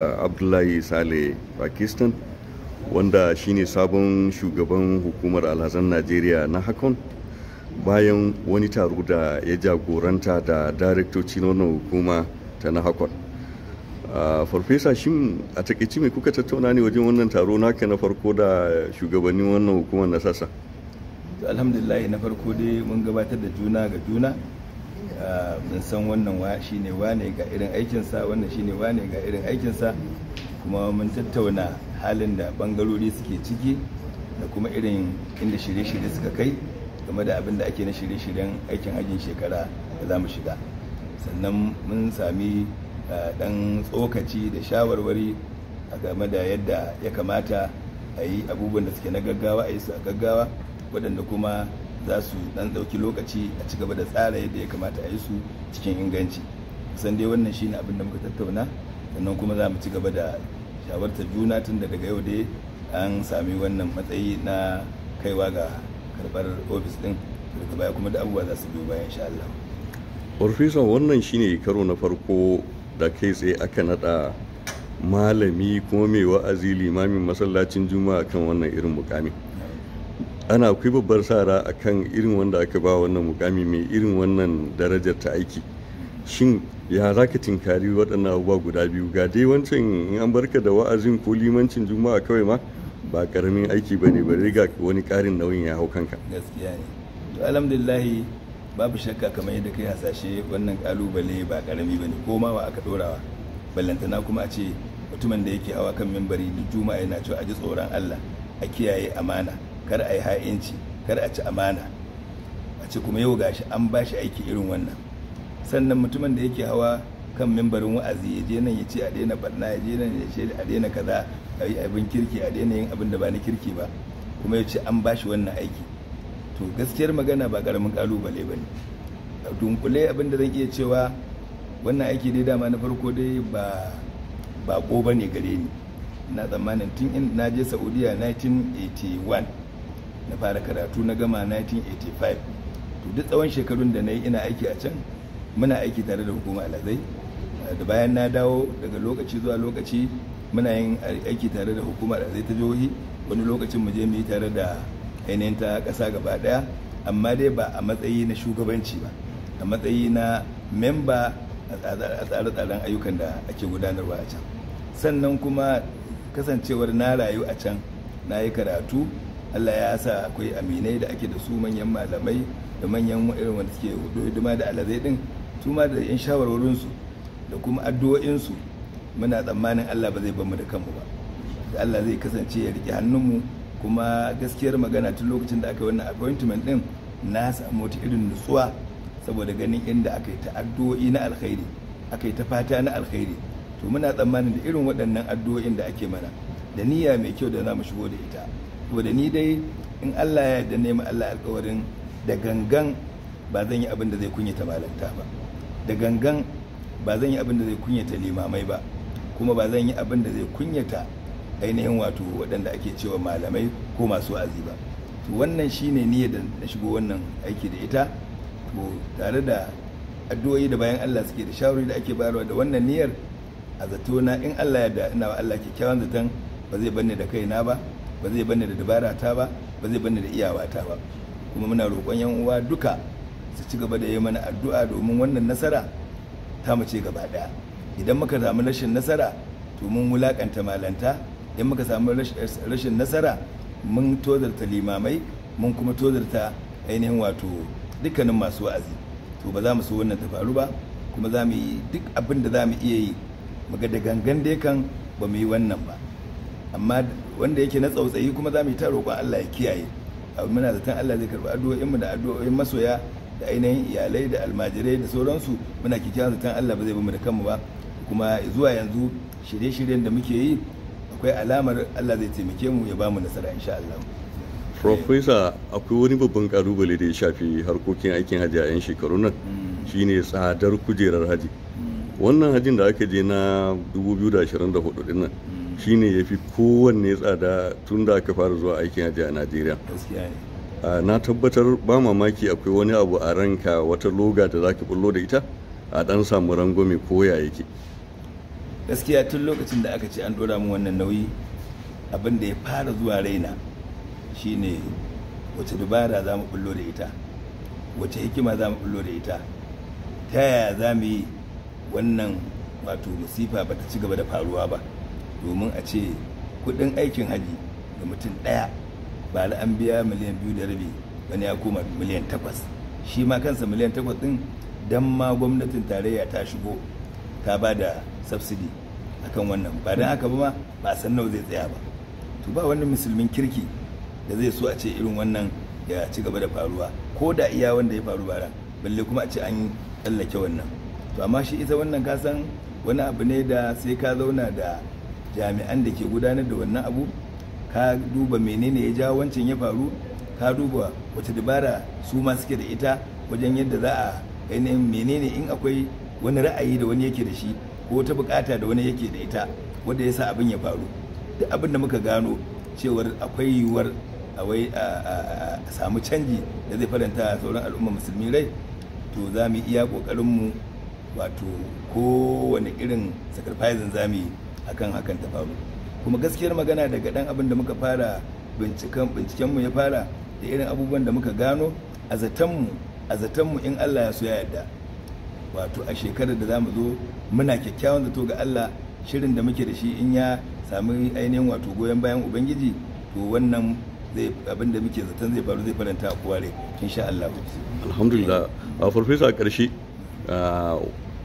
abdullahi sale pakistan wanda shine sabon shugaban hukumar alhazan najeriya na hakon bayan wani taro da ya jagoranta da daraktoci na wannan hukuma ta na hakon farfesa shin a takaici mai kuka tattauna ne wajen wannan taro naka na farko da shugabannin wannan hukumar na sassa alhamdulillah na farko dai mun gabatar da juna ga juna Ah, mun san wannan wa wa wane ga irin aikinsa wannan shi wa wane ga irin aikinsa kuma mun tattauna halin da bangarori suke ciki da kuma irin inda shirye-shirye suka kai game da abin da ake na shirye-shiryen aikin hajjin shekara da za mu shiga sannan mun sami dan ah, tsokaci da shawarwari a game da yadda ya kamata a yi abubuwan da suke na gaggawa a yi su a gaggawa waɗanda kuma za su dan dauki lokaci a ci gaba da tsara yadda ya kamata a yi su cikin inganci san dai wannan shine abin da muka tattauna sannan kuma za mu ci gaba da shawarta juna tun daga yau dai an sami wannan matsayi na kaiwa ga karbar ofis din daga baya kuma da abubuwa za su biyo bayan insha Allah. Farfesa wannan shine karo na farko da kai tsaye aka nada malami kuma mai wa'azi limamin masallacin juma'a kan wannan irin mukamin. ana akwai babbar sara a kan irin wanda aka ba wannan mukami mai irin wannan darajar ta aiki shin ya za ka tinkari waɗannan abubuwa guda biyu ga dai wancan in an barka da wa'azin ko limancin juma'a kawai ma ba karamin aiki ba ne bari ga wani ƙarin nauyin ya hau kanka gaskiya ne to alhamdulillahi babu shakka kamar yadda kai hasashe wannan kalubale ba karami ba ne ko ma ba aka dorawa ballantana kuma a ce mutumin da yake hawa kan mimbari juma'a yana cewa a ji tsoron allah a kiyaye amana kar a yi ha'inci kar a ci amana a ci kuma yau gashi an ba shi aiki irin wannan sannan mutumin da yake hawa kan mimbarin wa'azi ya je nan ya ce a daina barna ya je nan ya ce a daina kaza a yi abin kirki a daina yin abin da ba na kirki ba kuma ya ce an ba shi wannan aiki to gaskiyar magana ba karamin kalubale ba ne a dunkule abin da zan iya cewa wannan aiki dai dama na farko dai ba bako ba ne gare ni na tsammanin tun na je saudiya 1981 na fara karatu na gama 1985 to duk tsawon shekarun da na yi ina aiki a can muna aiki tare da hukumar alazai da bayan na dawo daga lokaci zuwa lokaci muna yin aiki tare da hukumar alazai ta jihohi wani lokacin mu je mu yi tare da ainihin ta ƙasa gaba ɗaya amma dai ba a matsayi na shugabanci ba a matsayi na memba a tsare-tsaren ayyukan da ake gudanarwa a can sannan kuma kasancewar na rayu a can na yi karatu Allah ya sa akwai aminai da ake da su manyan malamai da manyan irin wanda suke hudu hidima da alazai din su ma da yan shawarwarinsu da kuma addu'o'insu muna tsammanin Allah ba zai bamu da kanmu ba Allah zai kasance ya rike mu kuma gaskiyar magana tun lokacin da aka wannan appointment din na samu ta irin nutsuwa saboda ganin inda aka yi ta addu'o'i na alkhairi aka yi ta fata na alkhairi to muna tsammanin da irin waɗannan addu'o'in da ake mana da niyya mai kyau da za mu shigo da ita saboda ni dai in Allah ya yarda nema Allah alkawarin da gangan ba zan yi abin da zai kunyata malanta ba da gangan ba zan yi abin da zai kunyata limamai ba kuma ba zan yi abin da zai kunyata ainihin wato waɗanda ake cewa malamai ko masu wa'azi ba to wannan shine ne da na shigo wannan aiki da ita to tare da addu'o'i da bayan Allah suke da shawarwari da ake bayarwa da wannan niyyar a zato na in Allah ya da ina wa Allah kyakkyawan zaton ba zai banne da kaina ba ba zai bani da dabara ta ba ba zai bani da iyawa ta ba kuma muna roƙon yan uwa duka su ci gaba da yi mana addu'a domin wannan nasara ta mu ce gaba daya idan muka samu rashin nasara to mun wulakanta malanta idan muka samu rashin nasara mun tozarta limamai mun kuma tozarta ainihin wato dukkanin masu wa'azi to ba za mu so wannan ta faru ba kuma za mu yi duk abin da za mu iya yi muga da gangan dai kan ba mu yi wannan ba amma wanda yake na tsautsayi kuma za mu yi ta roƙon Allah ya kiyaye abu muna zaton Allah zai karɓi addu'o'inmu da addu'o'in masoya da ainihin iyalai da almajirai da sauransu muna kikiyar zaton Allah ba zai bamu da kanmu ba kuma zuwa yanzu shirye-shiryen da muke yi akwai alamar Allah zai taimake mu ya bamu nasara insha Allah Profesa akwai wani babban ƙalubale da ya shafi harkokin aikin hajji a 'yan shekaru nan mm. shine tsadar kujerar haji. Wannan hajjin da aka je na 2024 din nan shine ya fi kowanne tsada tun da aka fara zuwa aikin hajji a najeriya na tabbatar ba mamaki akwai wani abu a ranka wata loga da za ka bullo da ita a dan samu rangwame koya yake gaskiya tun lokacin da aka ce an dora min wannan nauyi abin da ya fara zuwa raina shine wace dubara za mu bullo da ita wace hikima za mu bullo da ita ta yaya za mu yi wannan wato masifa ba ta ci gaba da faruwa ba domin a ce kudin aikin haji da mutum ɗaya ba da an biya miliyan biyu da rabi wani ya koma miliyan takwas shi ma kansa miliyan takwas ɗin don ma gwamnatin tarayya ta shigo ta ba da subsidy akan wannan ba don haka ba ma ba san nawa zai tsaya ba to ba wani musulmin kirki da zai so a ce irin wannan ya ci gaba da faruwa ko da iya wanda ya faru bara balle kuma a ce an tsallake wannan to amma shi ita wannan kasan wani abu ne da sai ka zauna da jami'an da ke gudanar da wannan abu ka duba menene ya jawo wancan ya faru ka duba wata dabara su ma suke da ita wajen yadda za a ainihin menene in akwai wani ra'ayi da wani yake da shi ko ta bukata da wani yake da ita wanda ya sa abin ya faru duk abin da muka gano cewar akwai yiwuwar a samu canji da zai faranta sauran al'umma musulmi rai to za mu iya kokarin mu wato kowane irin sacrificing za mu yi akan hakan ta faru kuma gaskiyar magana daga dan abin da muka fara binciken binciken mu ya fara da irin abubuwan da muka gano a zaton mu a zaton mu in Allah ya so ya yarda wato a shekarar da zamu zo muna kyakkyawan zato ga Allah shirin da muke da shi in ya sami ainihin wato goyon bayan ubangiji to wannan zai abin da muke zaton zai faru zai faranta a kowa insha Allah alhamdulillah a uh, farfesa karshe uh,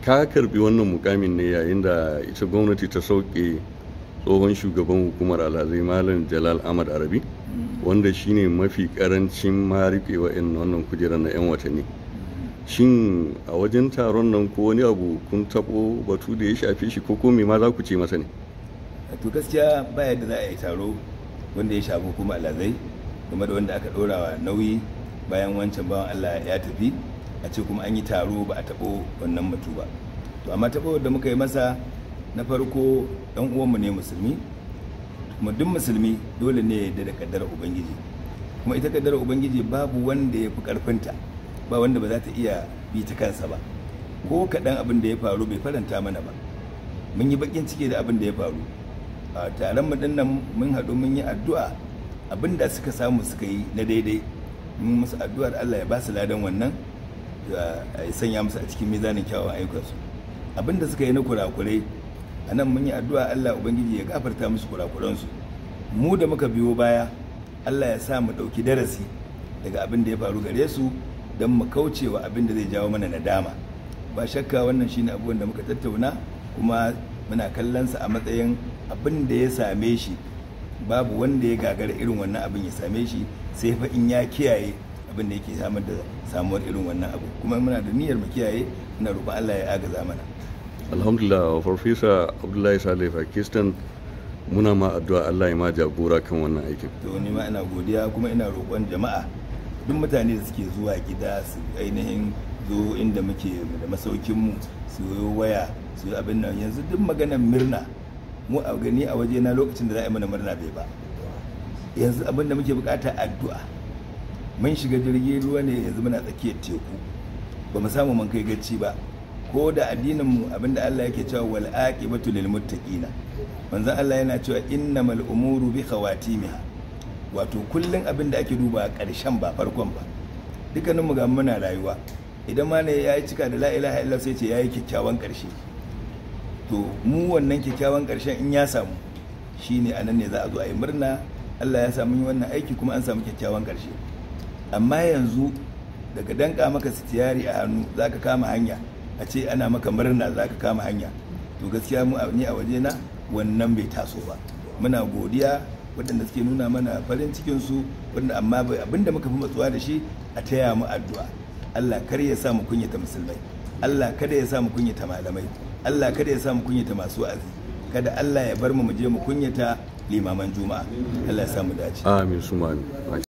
ka karbi wannan mukamin ne yayin da ita gwamnati ta sauke tsohon shugaban hukumar alhazai malam jalal ahmad arabi wanda shine mafi karancin marife in wannan kujerar na 'yan watanni shin a wajen taron nan ko wani abu kun tabo batu da ya shafe shi ko komai ma za ku ce masa ne to gaskiya ba yadda za a yi taro wanda ya shafi hukumar alhazai game da wanda aka ɗorawa nauyi bayan wancan bawan allah ya tafi a ce kuma an yi taro ba a taɓo wannan mutu ba to amma taɓo da muka yi masa na farko ɗan uwanmu ne musulmi kuma duk musulmi dole ne da da kaddara ubangiji kuma ita kaddara ubangiji babu wanda ya fi karfinta ba wanda ba za ta iya bi ta kansa ba ko kaɗan abin da ya faru bai faranta mana ba mun yi bakin ciki da abin da ya faru a taron mu dinnan mun haɗu mun yi addu'a abin suka samu suka yi na daidai mun musu addu'ar Allah ya ba su ladan wannan sanya musu a cikin mizanin kyawawan ayyukansu abin da suka yi na kurakurai a nan mun yi addu'a Allah ubangiji ya gafarta musu kurakuransu mu da muka biyo baya Allah ya sa mu ɗauki darasi daga abin da ya faru gare su don mu kauce wa abin da zai jawo mana nadama ba shakka wannan shine abubuwan da muka tattauna kuma muna kallon sa a matsayin abin da ya same shi babu wanda ya gagara irin wannan abin ya same shi sai fa in ya kiyaye abin da yake samar da samuwar irin wannan abu kuma muna da niyyar mu kiyaye muna roƙon Allah ya aga zamana. alhamdulillah professor abdullahi salih pakistan muna ma addu'a Allah ya ma jagora kan wannan aikin to ni ma ina godiya kuma ina roƙon jama'a duk mutane da suke zuwa gida su ainihin zo inda muke da masaukin mu su yi waya su yi abin nan yanzu duk maganar murna mu a gani a waje na lokacin da za a yi mana murna bai ba yanzu abin da muke bukata addu'a mun shiga jirgin ruwa ne yanzu muna tsakiyar teku ba mu samu mun kai gaci ba ko da addinin mu abinda Allah yake cewa wal aqibatu lil muttaqina manzo Allah yana cewa innamal umuru bi khawatimiha wato kullun abinda ake duba karshen ba farkon ba dukkanin mu ga muna rayuwa idan ma ne yayi cika da la ilaha illallah sai ce yayi kyakkyawan karshe to mu wannan kyakkyawan karshen in ya samu shine anan ne za a zo a yi murna Allah ya samu wannan aiki kuma an samu kyakkyawan karshe amma yanzu daga danka maka sitiyari a hannu za ka kama hanya a ce ana maka murna za ka kama hanya to gaskiya mu ni a waje na wannan bai taso ba muna godiya waɗanda suke nuna mana farin cikin su wanda amma abinda muka fi matsuwa da shi a taya mu addu'a Allah kar ya sa mu kunyata musulmai Allah kada ya sa mu kunyata malamai Allah kada ya sa mu kunyata masu wa'azi kada Allah ya bar mu mu je mu kunyata limaman juma'a Allah ya sa mu dace amin suma